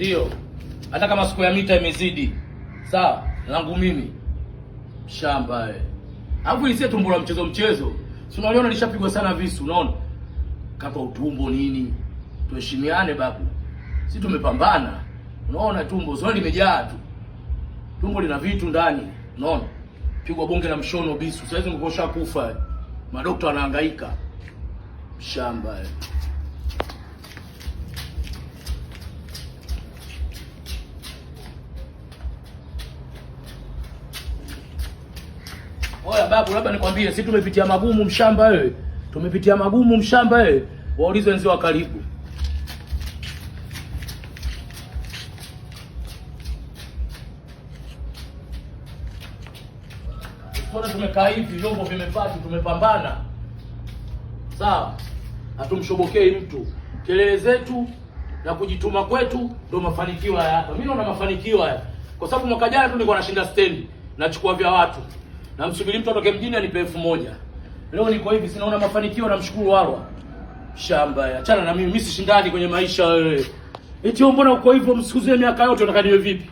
Ndiyo, hata kama siku ya mita imezidi sawa, langu mimi shamba eh. Alafu ile tumbula mchezo mchezo, si unaliona lishapigwa sana visu, unaona kapa utumbo nini. Tuheshimiane babu, si tumepambana, unaona tumbo sio limejaa tu, tumbo lina vitu ndani, unaona pigwa bonge la mshono bisu, saizi ngosha kufa, eh. madokta wanahangaika shamba eh. Oya babu, labda nikwambie, sisi tumepitia magumu mshamba wewe. Eh? Tumepitia magumu mshamba wewe. Eh? Waulize wenzao wa karibu. Sasa tumekaa hivi, vyombo vimepata, tumepambana. Sawa? Hatumshobokei mtu. Kelele zetu na kujituma kwetu ndio mafanikio haya hapa. Mimi naona mafanikio haya. Kwa sababu mwaka jana tu nilikuwa nashinda stendi, nachukua vya watu. Namsubiri mtu atoke mjini anipe elfu moja. Leo niko hivi sinaona mafanikio namshukuru Walwa. Shamba ya. Achana na mimi, mimi sishindani kwenye maisha wewe. Eti wewe mbona uko hivyo msikuzie miaka yote unataka niwe vipi?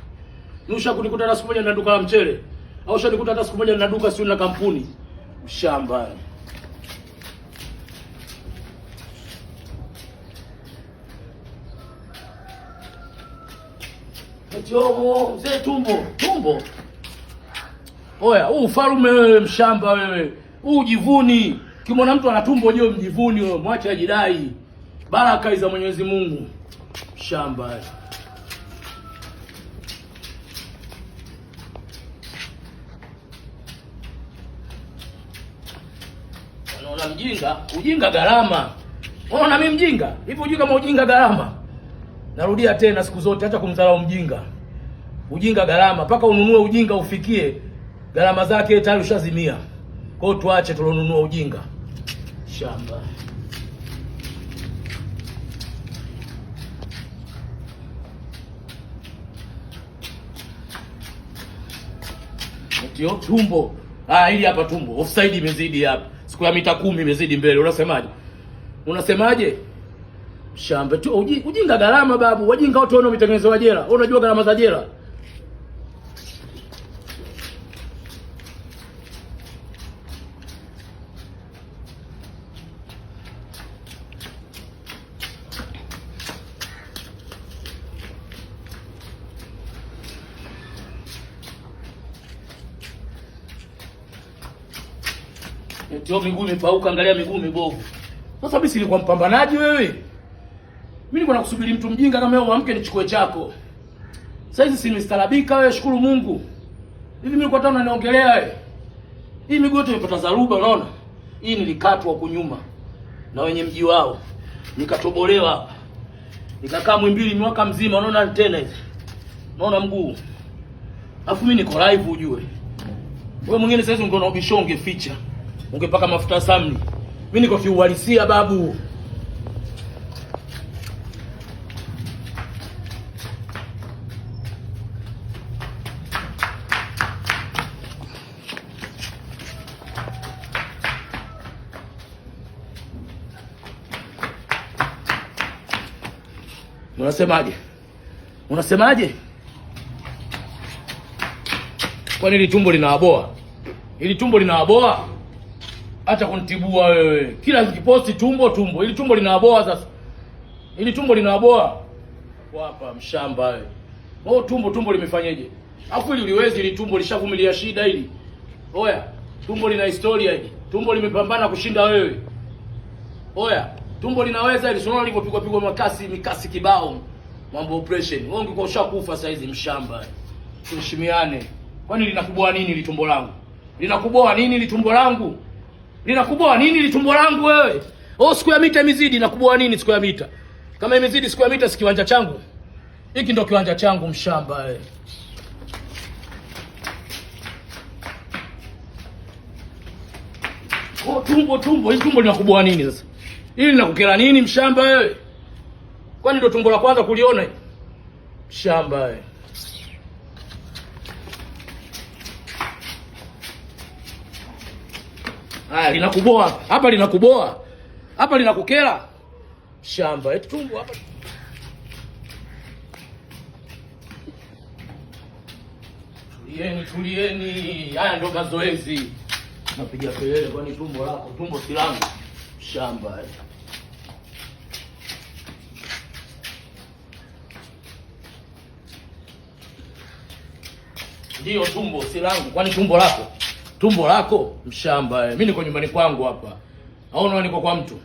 Nusha kunikuta hata siku moja na duka la mchele. Au sha kunikuta hata siku moja na duka sio na kampuni. Shamba. Eti wewe mzee tumbo, tumbo. Oya, huu ufalume wewe, mshamba wewe, huu jivuni. Kimwona mtu ana tumbo mjivuni wewe, mwache ajidai. Baraka za Mwenyezi Mungu, mshamba Unaona mjinga, ujinga gharama. Unaona mimi mjinga hivi, ujinga kama ujinga gharama. Narudia tena siku zote, hata kumdharau mjinga, ujinga gharama, mpaka ununue ujinga ufikie gharama zake tayari ushazimia. Kwa hiyo tuache tulonunua ujinga shamba. Ndio tumbo. Ah, hili hapa tumbo. Offside imezidi hapa. Siku ya mita kumi imezidi mbele. Unasemaje? Unasemaje? Shamba tu ujinga, gharama babu. Wajinga wote wanaotengenezwa jela. unajua gharama za jela? Tio miguu imepauka, angalia miguu mibovu. Sasa mimi silikuwa mpambanaji wewe. Mimi niko nakusubiri mtu mjinga kama wewe uamke nichukue chako. Sasa hizi si nistarabika wewe, shukuru Mungu. Hivi mimi nilikuwa tano naongelea wewe. Hii miguu yote imepata zaruba unaona? Hii nilikatwa huko nyuma na wenye mji wao. Nikatobolewa hapa. Nikakaa mwimbili mwaka mzima unaona tena hizi. Unaona mguu. Alafu mimi niko live ujue. Wewe mwingine sasa hivi ungekuwa na ubishonge ficha ungepaka mafuta samli. Mimi niko kiuhalisia babu. Unasemaje? Unasemaje? Kwani hili tumbo linawaboa? Hili tumbo linawaboa? acha kunitibua wewe. Kila nikiposti tumbo tumbo, ili tumbo linaboa sasa, ili tumbo linawaboa hapa mshamba wewe. Wao oh, tumbo tumbo limefanyaje? Afu ili uliwezi, ili tumbo lishavumilia shida hili. Oya, tumbo lina historia hili. Tumbo limepambana kushinda wewe. Oya, tumbo linaweza ili sonona lilipopigwa pigwa makasi mikasi kibao. Mambo operation. Wewe ungekuwa ushakufa saa hizi mshamba. Tuheshimiane. Kwani linakuboa nini ili tumbo langu? Linakuboa nini ili tumbo langu? Ninakuboa nini litumbo langu wewe? Oh, siku ya mita imezidi, nakuboa nini siku ya mita? Kama imezidi siku ya mita, si kiwanja changu hiki? Ndo kiwanja changu mshamba wewe. Eh. Oh, tumbo tumbo, hii tumbo linakuboa nini sasa? Hili linakukera nini mshamba wewe? Eh? Kwani ndo tumbo la kwanza kuliona Mshamba wewe. Eh. Haya, linakuboa hapa, linakuboa hapa, linakukera shamba eti tumbo hapa. Tulieni, tulieni. Haya ndo mazoezi, napiga kelele kwani tumbo lako? Tumbo si langu, shamba eh. ndiyo, tumbo si langu, kwani tumbo lako tumbo lako mshamba. Eh. Mimi niko nyumbani kwangu hapa, naona niko kwa mtu